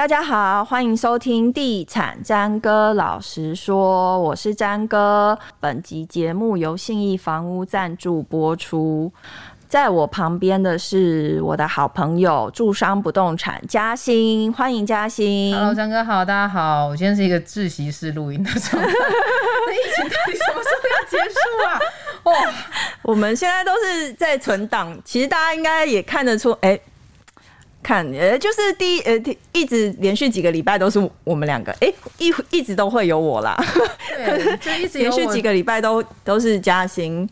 大家好，歡迎收聽《地產詹哥老實說》，我是詹哥。本集節目由信義房屋贊助播出。在我旁邊的是我的好朋友住商不動產佳馨，歡迎佳馨。Hello，詹哥好，大家好。我今天是一個窒息式錄音的狀態。 疫情到底什麼時候要結束啊？ 哇，我們現在都是在存檔。其實大家應該也看得出，哎、欸。看，呃，就是第一呃，一直連續幾個禮拜都是我們兩個，哎、欸，一一直都會有我啦，對啊、就一直連續幾個禮拜都都是佳馨，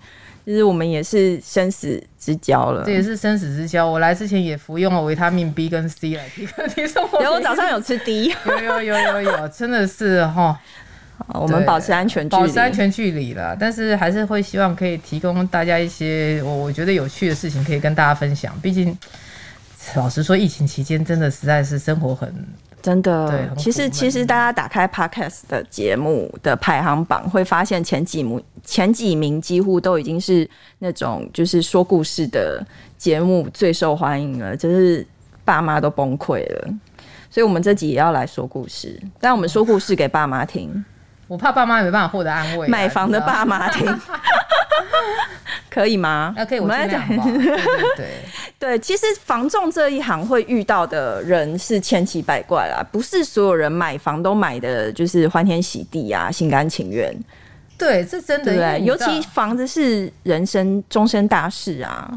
就是我們也是生死之交了，這也是生死之交。我來之前也服用了維他命 B 跟 C 來提升，我早上有吃 D， 有有有有有，真的是哈，好對我們保持安全距，距離，保持安全距離了，但是還是會希望可以提供大家一些我我覺得有趣的事情可以跟大家分享，畢竟。老實說，疫情期間真的實在是生活很真的。對，其實其實大家打開 podcast 的節目的排行榜，會發現前幾前幾名幾乎都已經是那種就是說故事的節目最受歡迎了，就是爸媽都崩潰了。所以我們這集也要來說故事，但我們說故事給爸媽聽， 我怕爸媽也沒辦法獲得安慰，買房的爸媽聽 可以嗎？o、okay, k 我，我們來講 對，對，對，對。對，其實房仲這一行會遇到的人是千奇百怪啦，不是所有人買房都買的就是歡天喜地啊，心甘情願。對，這真的對，尤其房子是人生終身大事啊。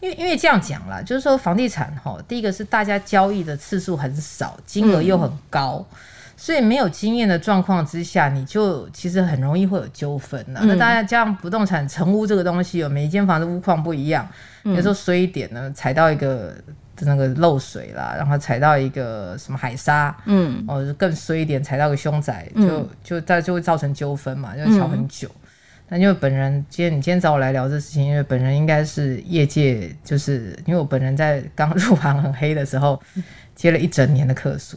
因為因為這樣講啦，就是說房地產哈、哦，第一個是大家交易的次數很少，金額又很高。嗯所以沒有經驗的狀況之下，你就其實很容易會有糾紛吶。那、嗯、大家加上不動產成屋這個東西，有每一間房子屋況不一樣，有時候衰一點呢，踩到一個那個漏水啦，然後踩到一個什麼海沙，嗯，哦，更衰一點，踩到一個凶宅，就就大家就會造成糾紛嘛，就會吵很久。那、嗯、因為本人今天你今天找我來聊這事情，因為本人應該是業界，就是因為我本人在剛入行很黑的時候，接了一整年的客訴。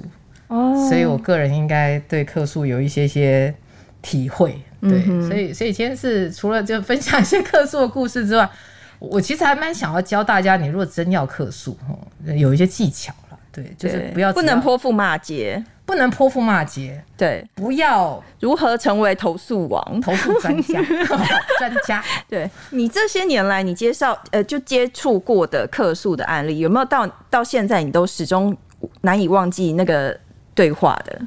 哦，oh. 所以我個人應該對客訴有一些些體會，對，mm hmm. 所以所以今天是除了就分享一些客訴的故事之外，我其實還蠻想要教大家，你如果真要客訴，嗯，有一些技巧了，對，對就是不要，要不能潑婦罵街，不能潑婦罵街，對，不要如何成為投訴王， 投訴專家，專 家，對，你這些年來你介紹呃就接觸過的客訴的案例，有沒有到到現在你都始終難以忘記那個？對話的，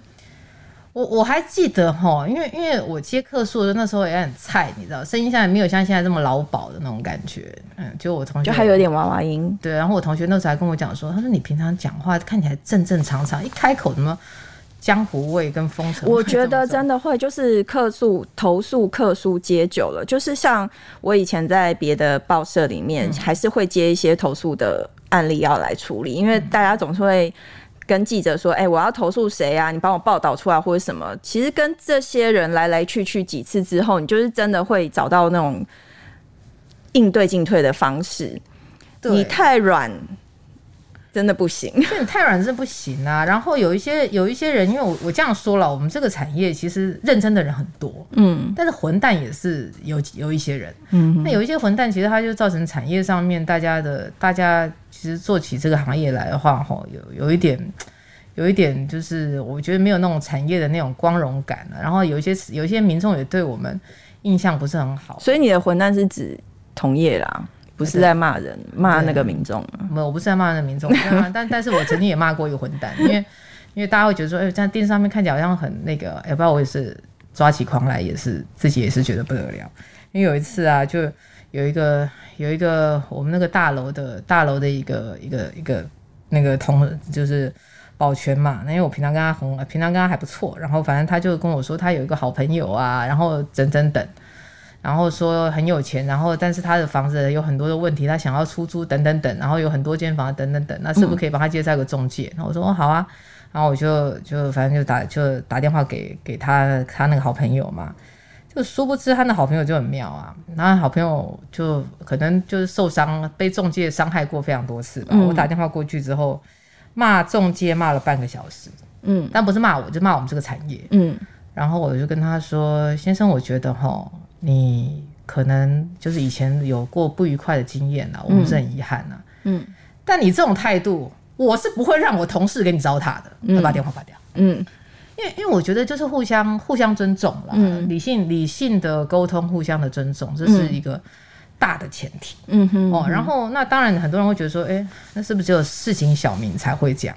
我我還記得，哈，因為因為我接客訴的那時候也很菜，你知道，聲音現在沒有像現在這麼老鴇的那種感覺，嗯，就我同學，就還有點娃娃音，對。然後我同學那時候還跟我講說，他說你平常講話看起來正正常常，一開口什麼江湖味跟風塵，我覺得真的會就是客訴投訴客訴接久了，就是像我以前在別的報社裡面，嗯、還是會接一些投訴的案例要來處理，因為大家總是會。跟記者說，哎、欸，我要投訴誰啊？你幫我報道出來或者什麼？其實跟這些人來來去去幾次之後，你就是真的會找到那種應對進退的方式。對你太軟。真的不行，因為你太軟是不行啊！然後有一些有一些人，因為我我這樣說了，我們這個產業其實認真的人很多，嗯，但是混蛋也是有有一些人，嗯哼，那有一些混蛋其實他就造成產業上面大家的大家其實做起這個行業來的話，哈，有有一點有一點就是我覺得沒有那種產業的那種光榮感了、啊。然後有一些有一些民眾也對我們印象不是很好，所以你的混蛋是指同業啦。不是在罵人，罵那個民眾。沒有，我不是在罵那個民眾，但但是我曾經也罵過一個混蛋， 因為因為大家會覺得說，哎、欸，在電視上面看起來好像很那個，也、欸、不然我也是抓起狂來，也是自己也是覺得不得了。因為有一次啊，就有一個有一個我們那個大樓的大樓的一個一個一個那個同，就是保全嘛。因為我平常跟他很平常跟他還不錯，然後反正他就跟我說他有一個好朋友啊，然後等等等。然後說很有錢，然後但是他的房子有很多的問題，他想要出租等等等，然後有很多間房子等等等，那是不是可以幫他介紹個仲介？嗯、然後我說哦好啊，然後我就就反正就打就打電話給給他他那個好朋友嘛，就殊不知他的好朋友就很妙啊，那好朋友就可能就是受傷被仲介傷害過非常多次吧，嗯、我打電話過去之後罵仲介罵了半個小時，嗯，但不是罵我，就罵我們這個產業，嗯，然後我就跟他說先生，我覺得哈。你可能就是以前有過不愉快的經驗了，我們是很遺憾吶。嗯，但你這種態度，我是不會讓我同事給你糟蹋的。嗯，把電話掛掉。嗯，因為因為我覺得就是互相互相尊重啦、嗯，理性理性的溝通，互相的尊重，這是一個大的前提。嗯哼。哦，然後那當然很多人會覺得說，誒、欸，那是不是只有市井小民才會講？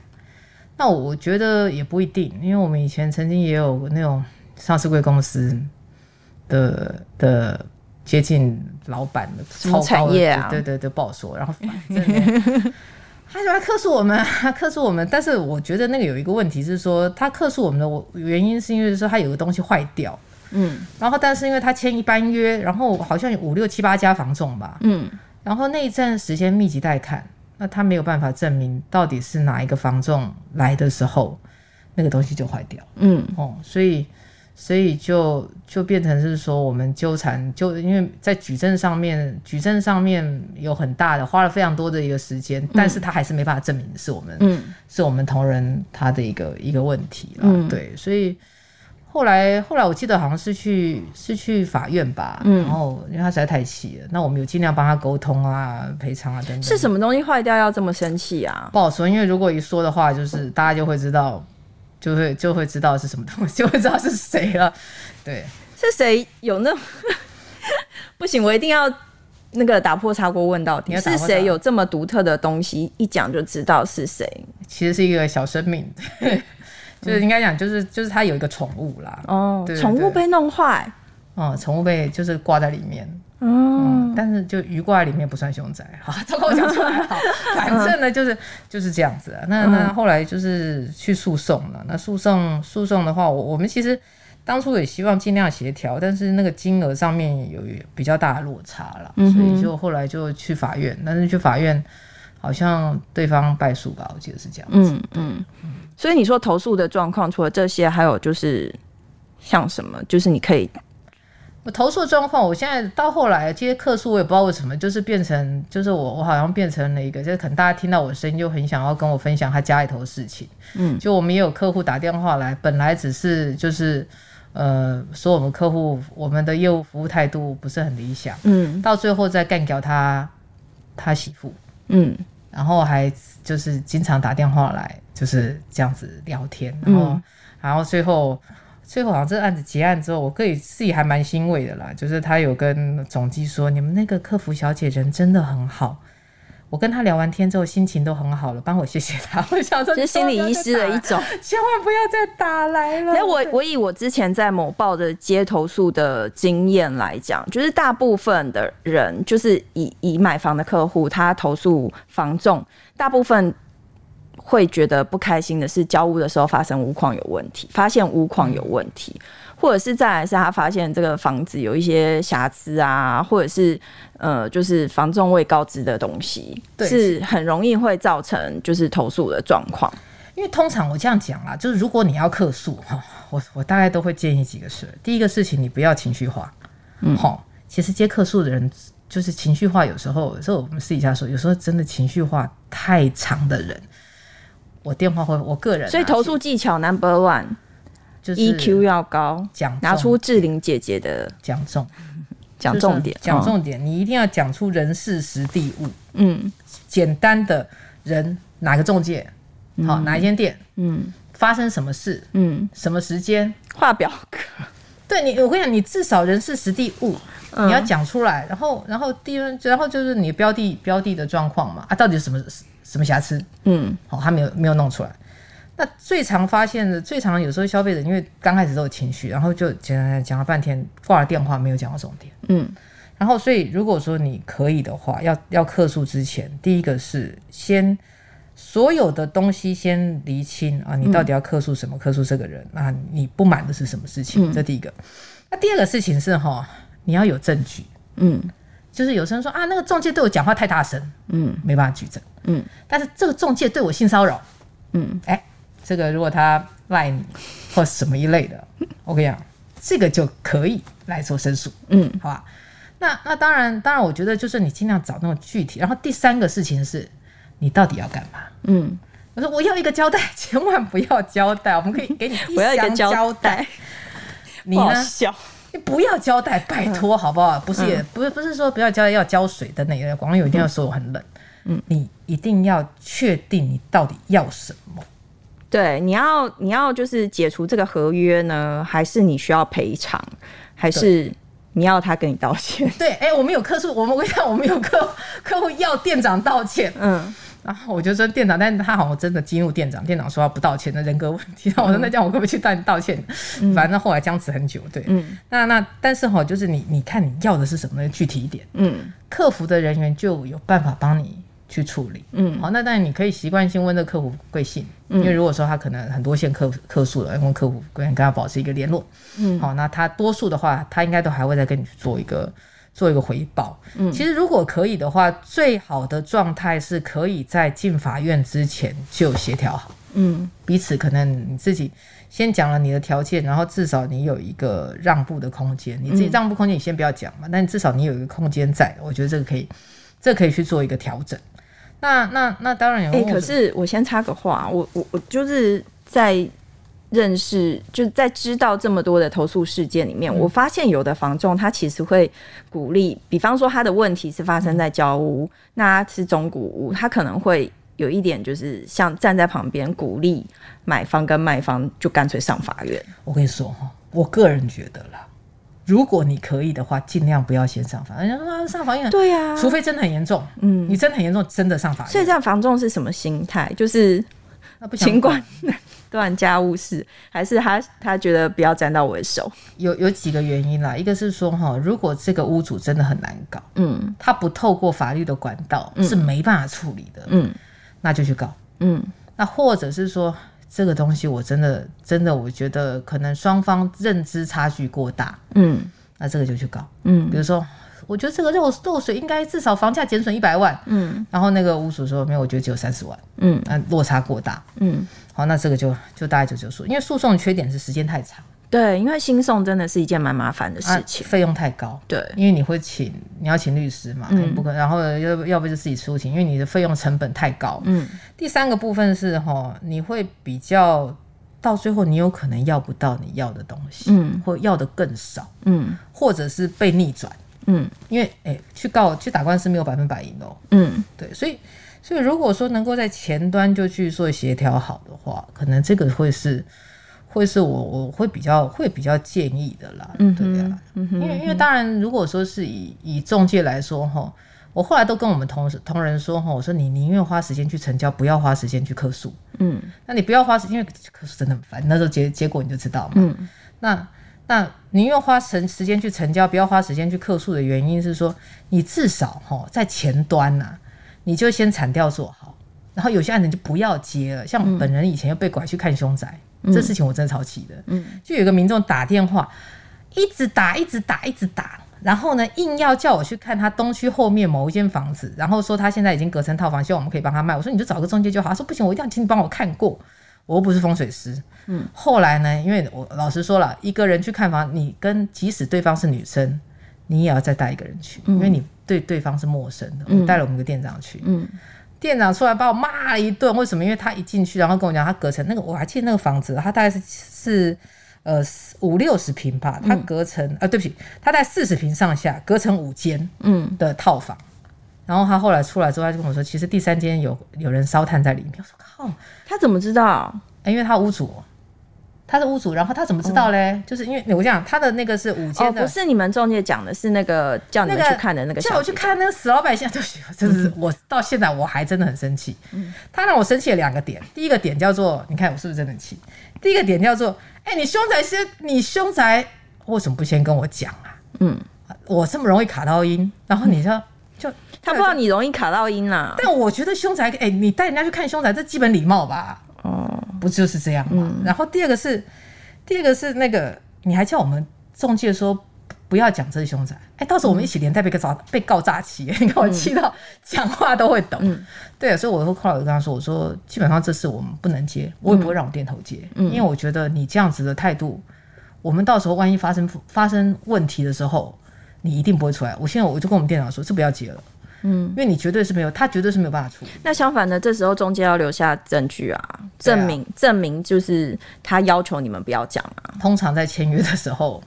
那我覺得也不一定，因為我們以前曾經也有那種上市櫃公司。的的接近老闆的，超的什麼產業啊？對對對，不好說。然後，反正 他就要客訴我們，他客訴我們。但是我覺得那個有一個問題，是說他客訴我們的原因，是因為是說他有個東西壞掉。嗯。然後，但是因為他簽一般約，然後好像有五六七八家房仲吧。嗯。然後那一陣時間密集帶看，那他沒有辦法證明到底是哪一個房仲來的時候那個東西就壞掉。嗯。哦、嗯，所以。所以就就變成是說我們糾纏，就因為在舉證上面，舉證上面有很大的花了非常多的一個時間，但是他還是沒辦法證明是我們，嗯、是我們同仁他的一個一個問題嗯，對，所以後來後來我記得好像是去、嗯、是去法院吧，然後因為他實在太氣了，那我們有盡量幫他溝通啊，賠償啊等等。是什麼東西壞掉要這麼生氣啊？不好說，因為如果一說的話，就是大家就會知道。就會就會知道是什麼東西，就會知道是誰了，對，是誰有那 不行，我一定要那個打破砂鍋問到底，是誰有這麼獨特的東西，一講就知道是誰。其實是一個小生命， 就，就是應該講就是就是他有一個寵物啦，哦，寵對物被弄壞，哦、嗯，寵物被就是掛在裡面。嗯，但是就浴缸裡面不算凶宅。好，他跟我講出來好。 反正呢，就是就是這樣子啊。那那後來就是去訴訟了。那訴訟訴訟的話，我我們其實當初也希望盡量協調，但是那個金額上面有比較大的落差了，嗯、哼所以就後來就去法院。但是去法院好像對方敗訴吧，我記得是這樣子。嗯。嗯嗯，所以你說投訴的狀況，除了這些，還有就是像什麼？就是你可以。我投訴的狀況，我現在到後來接客訴，我也不知道為什麼，就是變成就是我我好像變成了一個，就是可能大家聽到我聲音就很想要跟我分享他家裡頭的事情，嗯，就我們也有客戶打電話來，本來只是就是呃說我們客戶我們的業務服務態度不是很理想，嗯，到最後再幹掉他他媳婦，嗯，然後還就是經常打電話來，就是這樣子聊天，然後、嗯、然後最後。最後好像這個案子結案之後，我可以自己還蠻欣慰的啦。就是他有跟總機說：“你們那個客服小姐人真的很好。”我跟他聊完天之後，心情都很好了。幫我謝謝他，我想說，就是心理醫師的一種，千萬不要再打來了。那我我以我之前在某報的接投訴的經驗來講，就是大部分的人，就是以以買房的客戶他投訴房仲，大部分。會覺得不開心的是交屋的時候發生屋況有問題，發現屋況有問題，或者是再來是他發現這個房子有一些瑕疵啊，或者是呃，就是房仲未告知的東西，對是很容易會造成就是投訴的狀況。因為通常我這樣講啦、啊，就是如果你要客訴哈，我我大概都會建議幾個事。第一個事情，你不要情緒化，嗯，哈。其實接客訴的人就是情緒化，有時候，有時候我們私底下說，有時候真的情緒化太長的人。我電話會，我個人所以投訴技巧 number one 就 EQ 要高，講，拿出志玲姐姐的講重，講重點，講重點，你一定要講出人事時地物，嗯，簡單的人，哪個中介？好，哪一間店，嗯，發生什麼事，嗯，什麼時間，畫表格。對你，我跟你講，你至少人事實地物你要講出來，嗯、然後，然後地方，然後就是你標的標的的狀況嘛，啊，到底是什麼什麼瑕疵？嗯，好，他沒有沒有弄出來。那最常發現的，最常有時候消費者因為剛開始都有情緒，然後就簡單講，講了半天，掛了電話沒有講到重點。嗯，然後所以如果說你可以的話，要要客訴之前，第一個是先。所有的東西先釐清啊，你到底要客訴什麼？客訴、嗯、這個人那、啊、你不滿的是什麼事情？嗯、這第一個。那第二個事情是哈，你要有證據。嗯，就是有些人說啊，那個中介對我講話太大聲，嗯，沒辦法舉證，嗯。但是這個中介對我性騷擾，嗯，哎、欸，這個如果他賴你或什麼一類的，我跟你講，這個就可以來做申訴，嗯，好吧？那那當然，當然，我覺得就是你盡量找那種具體。然後第三個事情是，你到底要幹嘛？嗯，我說我要一個交代，千萬不要交代。我們可以給你一箱膠帶，要個交代你呢？你不要交代，拜託好不好？嗯、不是也，也不不是說不要交代，要膠水的那一個。網友一定要說我很冷。嗯，你一定要確定你到底要什麼？對，你要你要就是解除這個合約呢，還是你需要賠償？還是你要他跟你道歉？對，哎、欸，我們有客訴，我們我講，我們有客客戶要店長道歉。嗯。然後、啊、我就說店長，但是他好像真的激怒店長，店長說他不道歉，的人格問題，那、嗯啊、我真的叫我哥去代你道歉，嗯、反正後來僵持很久，對，嗯、那那但是哈，就是你你看你要的是什麼，具體一點，嗯，客服的人員就有辦法幫你去處理，嗯，好，那當然你可以習慣性問這客服貴姓，嗯、因為如果說他可能很多線客客訴了，問客服貴姓跟他保持一個聯絡，嗯，好，那他多數的話，他應該都還會再跟你去做一個。做一個回報，嗯，其實如果可以的話，嗯、最好的狀態是可以在進法院之前就協調好，嗯，彼此可能你自己先講了你的條件，然後至少你有一個讓步的空間，你自己讓步空間你先不要講嘛，嗯、但至少你有一個空間在，我覺得這個可以，這個、可以去做一個調整，那那那當然有，哎、欸，可是我先插個話，我我我就是在。認識就在知道這麼多的投訴事件裡面，嗯、我發現有的房仲他其實會鼓勵，比方說他的問題是發生在交屋，嗯、那他是中古屋，他可能會有一點就是像站在旁邊鼓勵買方跟賣方就乾脆上法院。我跟你說哈，我個人覺得啦，如果你可以的話，盡量不要先上法院。人家說上法院，對呀、啊，除非真的很嚴重，嗯，你真的很嚴重，真的上法院。所以這樣房仲是什麼心態？就是。他不想管斷家務事，還是他他覺得不要沾到我的手。有有幾個原因啦，一個是說哈，如果這個屋主真的很難搞，嗯，他不透過法律的管道是沒辦法處理的，嗯，那就去搞。嗯，那或者是說這個東西我真的真的我覺得可能雙方認知差距過大，嗯，那這個就去搞。嗯，比如說。我覺得這個漏漏水應該至少房價減損一百萬，嗯，然後那個屋主說沒有，我覺得只有三十萬，嗯，那、呃、落差過大，嗯，好，那這個就就大概就就說，因為訴訟的缺點是時間太長，對，因為新送真的是一件蠻麻煩的事情，啊、費用太高，對，因為你會請你要請律師嘛，嗯，不可能，然後要要不就自己出庭，因為你的費用成本太高，嗯，第三個部分是哈，你會比較到最後你有可能要不到你要的東西，嗯，或要的更少，嗯，或者是被逆轉。嗯，因為哎、欸，去告去打官司沒有百分百贏哦、喔。嗯，對，所以所以如果說能夠在前端就去做協調好的話，可能這個會是會是我我會比較會比較建議的啦。啊、嗯，對、嗯、呀，嗯，因為因為當然如果說是以以中介來說哈，我後來都跟我們同事同仁說哈，我說你寧願花時間去成交，不要花時間去客訴。嗯，那你不要花時間，因為客訴真的很煩。那時候結結果你就知道嘛。嗯，那。那你用花成時間去成交，不要花時間去客訴的原因是說，你至少哈在前端吶、啊，你就先鏟掉做好，然後有些案子就不要接了。像我本人以前又被拐去看凶宅，嗯、這事情我真的超氣的。嗯，就有個民眾打電話，一直打，一直打，一直打，然後呢硬要叫我去看他東區後面某一間房子，然後說他現在已經隔成套房，希望我們可以幫他賣。我說你就找個中介就好。他說不行，我一定要請你幫我看過。我又不是風水師。後來呢，因為我老實說了，一個人去看房，你跟即使對方是女生，你也要再帶一個人去，因為你對對方是陌生的。嗯、我帶了我們一個店長去，嗯嗯、店長出來把我罵了一頓。為什麼？因為他一進去，然後跟我講，他隔成那個，我還記得那個房子，他大概是是呃五六十坪吧，他隔成啊、嗯呃，對不起，他在四十坪上下，隔成五間，的套房。嗯嗯然後他後來出來之後，他就跟我說：“其實第三間有有人燒炭在裡面。”我說：“靠，他怎麼知道、欸？”因為他屋主，他是屋主。然後他怎麼知道嘞？嗯、就是因為我講他的那個是五間的、哦，不是你們中介講的，是那個叫你們去看的那個。叫、那個、我去看那個死老百姓，真、就是我到現在我還真的很生氣。嗯，他讓我生氣的兩個點，第一個點叫做你看我是不是真的很氣？第一個點叫做哎、欸，你凶宅是，你凶宅為什麼不先跟我講啊？嗯，我這麼容易卡到陰，然後你說。嗯他不知道你容易卡到音吶，啊，但我覺得凶宅，哎、欸，你帶人家去看凶宅，這基本禮貌吧？哦，不是就是這樣嗎？嗯、然後第二個是，第二個是那個，你還叫我們仲介說不要講這是凶宅，哎、欸，到時候我們一起連帶被告詐欺，嗯、被告詐欺，你看我氣到講話都會抖。嗯嗯，對，所以我會後來我跟他說，我說基本上這事我們不能接，我也不會讓我店頭接。嗯、因為我覺得你這樣子的態度，我們到時候萬一發生發生問題的時候，你一定不會出來。我現在我就跟我們店長說，這不要接了。嗯，因為你絕對是沒有，他絕對是沒有辦法處理。那相反的，這時候中間要留下證據啊，啊證明證明就是他要求你們不要講啊。通常在簽約的時候，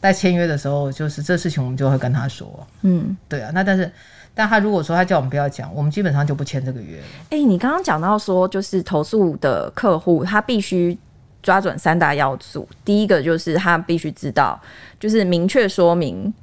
在簽約的時候，就是這事情我們就會跟他說。嗯，對啊。那但是，但他如果說他叫我們不要講，我們基本上就不簽這個約。哎、欸，你剛剛講到說，就是投訴的客戶他必須抓準三大要素，第一個就是他必須知道，就是明確說明。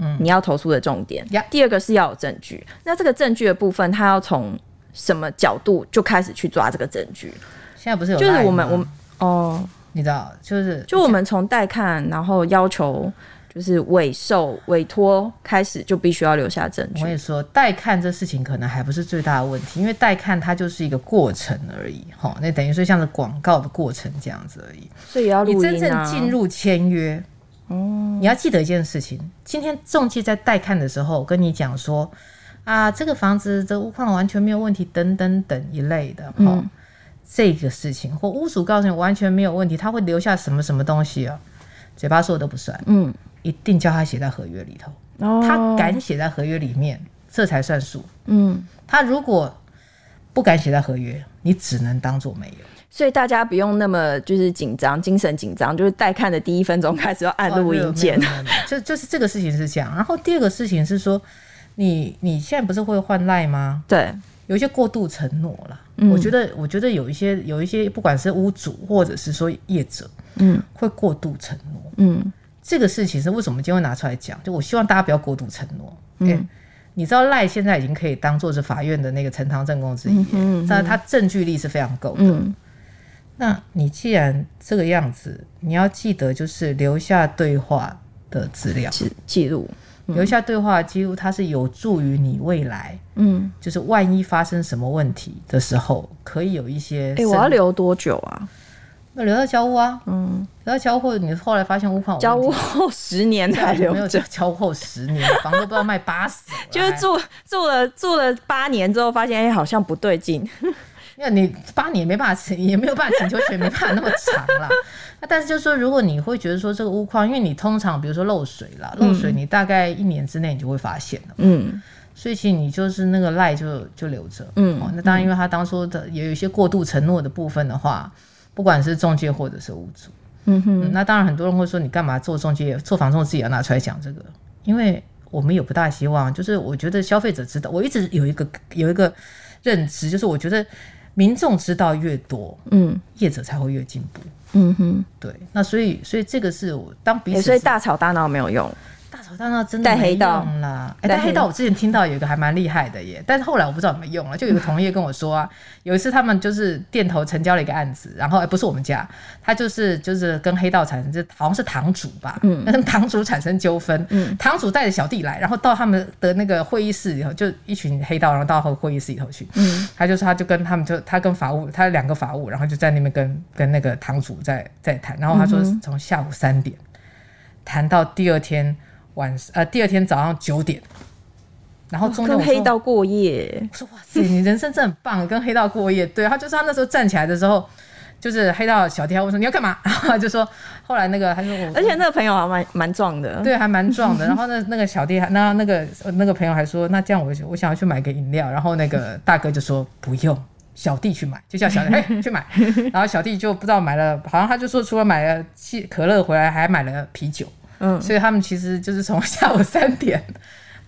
嗯、你要投訴的重點。Yeah. 第二個是要有證據。那這個證據的部分，他要從什麼角度就開始去抓這個證據？現在不是有嗎，就是我們，我們哦，你知道，就是就我們從帶看，然後要求就是委售、委託開始，就必須要留下證據。我也說，帶看這事情可能還不是最大的問題，因為帶看它就是一個過程而已，哈，那等於說像是廣告的過程這樣子而已。所以要、啊、你真正進入簽約。哦，你要記得一件事情，今天中介在帶看的時候，我跟你講說，啊，這個房子這屋況完全沒有問題，等等等一類的，哦嗯、這個事情或屋主告訴你完全沒有問題，他會留下什麼什麼東西啊？嘴巴說都不算，嗯，一定叫他寫在合約裡頭，哦、他敢寫在合約裡面，這才算數，嗯，他如果不敢寫在合約，你只能當做沒有。所以大家不用那麼就是緊張，精神緊張，就是帶看的第一分鐘開始要按錄音鍵，啊，就就是這個事情是這樣。然後第二個事情是說，你你現在不是會換賴嗎？對，有一些過度承諾了。嗯、我覺得，我覺得有一些有一些，不管是屋主或者是說業者，嗯，會過度承諾，嗯，這個事情是為什麼今天會拿出來講？就我希望大家不要過度承諾。嗯、欸，你知道賴現在已經可以當做是法院的那個呈堂證供之一，嗯，哼嗯哼但是他證據力是非常夠的。嗯那你既然這個樣子，你要記得就是留下對話的資料記錄，嗯、留下對話的記錄，它是有助於你未來，嗯，就是萬一發生什麼問題的時候，可以有一些、欸。我要留多久啊？要留到交屋啊？嗯，留到交屋後你後來發現屋況，交屋後十年才留，沒有交交屋，後十年， 房子不知道賣八十，就是住住了住了八年之後，發現哎，好像不對勁。 那你八年也沒辦法，也沒有辦法請求權， 沒辦法那麼長了。那但是就是說，如果你會覺得說這個屋況，因為你通常比如說漏水了，漏水你大概一年之內你就會發現了。嗯，所以其實你就是那個賴就就留着。嗯、哦，那當然，因為他當初的也有一些過度承諾的部分的話，不管是中介或者是屋主。嗯哼嗯。那當然，很多人會說你幹嘛做中介，做房仲自己要拿出來講這個，因為我們也不大希望。就是我覺得消費者知道，我一直有一個有一個認知，就是我覺得。民眾知道越多，嗯，業者才會越進步，嗯哼，對。那所以，所以這個是我當彼此、欸，所以大吵大鬧沒有用。大吵大鬧真的沒用了。哎，但、欸、黑道我之前聽到有一個還蠻厲害的耶，但是後來我不知道怎麼用了。就有個同業跟我說啊，有一次他們就是店頭成交了一個案子，然後哎、欸、不是我們家，他就是就是跟黑道產生，就好像是堂主吧，嗯，跟堂主產生糾紛，嗯，堂主帶着小弟來，然後到他們的那個會議室裡頭，就一群黑道，然後到會議室裡頭去，嗯，他就說他就跟他們就他跟法務，他兩個法務，然後就在那邊跟跟那個堂主在在談，然後他說從下午三點談到第二天。嗯晚呃，第二天早上九點，然後中午跟黑道過夜，我說哇塞，你人生真的很棒， 跟黑道過夜。對，他就是他那時候站起來的時候，就是黑道小弟他問說你要幹嘛？然後就說後來那個他說我，而且那個朋友還蠻蠻壯的，對，還蠻壯的。然後那那個小弟還那那個那個朋友還說那這樣我我想要去買個飲料，然後那個大哥就說不用，小弟去買，就叫小弟嘿去買。然後小弟就不知道買了，好像他就說除了買了汽可樂回來，還買了啤酒。嗯，所以他們其實就是從下午三點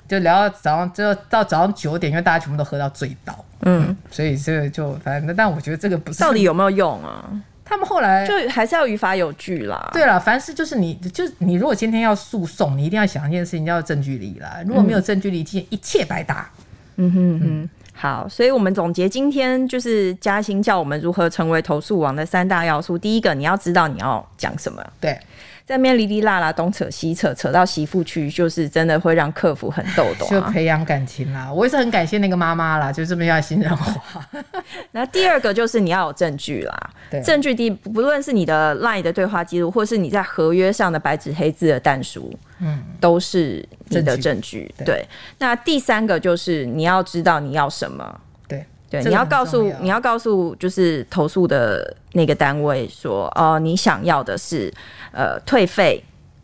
就聊到早上，最後到早上九點，因為大家全部都喝到醉倒。嗯，所以這個就反正，但我覺得這個不是到底有沒有用啊？他們後來就還是要於法有據啦。對了，凡事就是你就你如果今天要訴訟，你一定要想一件事情叫證據力啦。如果沒有證據力，一切、嗯、一切白搭。嗯哼哼，嗯、好，所以我們總結今天就是佳馨教我們如何成為投訴王的三大要素。第一個，你要知道你要講什麼。對。在面裡里拉拉東扯西扯，扯到媳婦去，就是真的會讓客服很豆豆。就培養感情啦，我也是很感謝那個媽媽啦，就這麼要信任我 那第二個就是你要有證據啦， 證據第不論是你的 LINE 的對話記錄，或是你在合約上的白紙黑字的但書，嗯，都是你的證據。證據對，對那第三個就是你要知道你要什麼。對，你要告訴你要告訴就是投訴的那個單位說哦，你想要的是呃退費，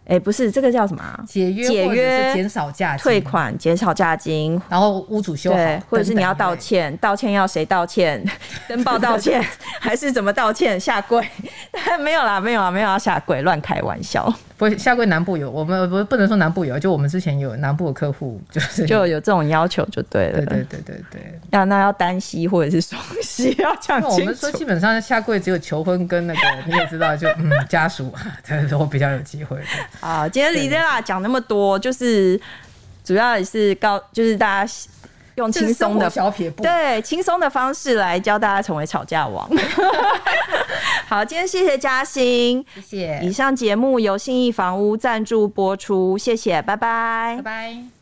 哎、欸，不是這個叫什麼、啊、解約、解約，減少價退款、減少價金，然後屋主修好對等等或者是你要道歉，欸，道歉要誰道歉？登 報道歉 還是怎麼道歉？下跪？ 沒有啦，沒有啊，沒有啦。下跪，亂開玩笑。不，下跪南部有，我們不不能說南部有，就我們之前有南部的客戶，就是就有這種要求就對了。對對對對對，那那要單膝或者是雙膝要講清楚。我們說基本上下跪只有求婚跟那個 你也知道就，就嗯家屬，我比較有機會。好、啊，今天李姐啊講那麼多，就是主要也是告，就是大家。用輕鬆的對，輕鬆的方式來教大家成為吵架王。 好，今天謝謝佳馨，謝謝。以上節目由信義房屋贊助播出，謝謝，拜拜，拜拜。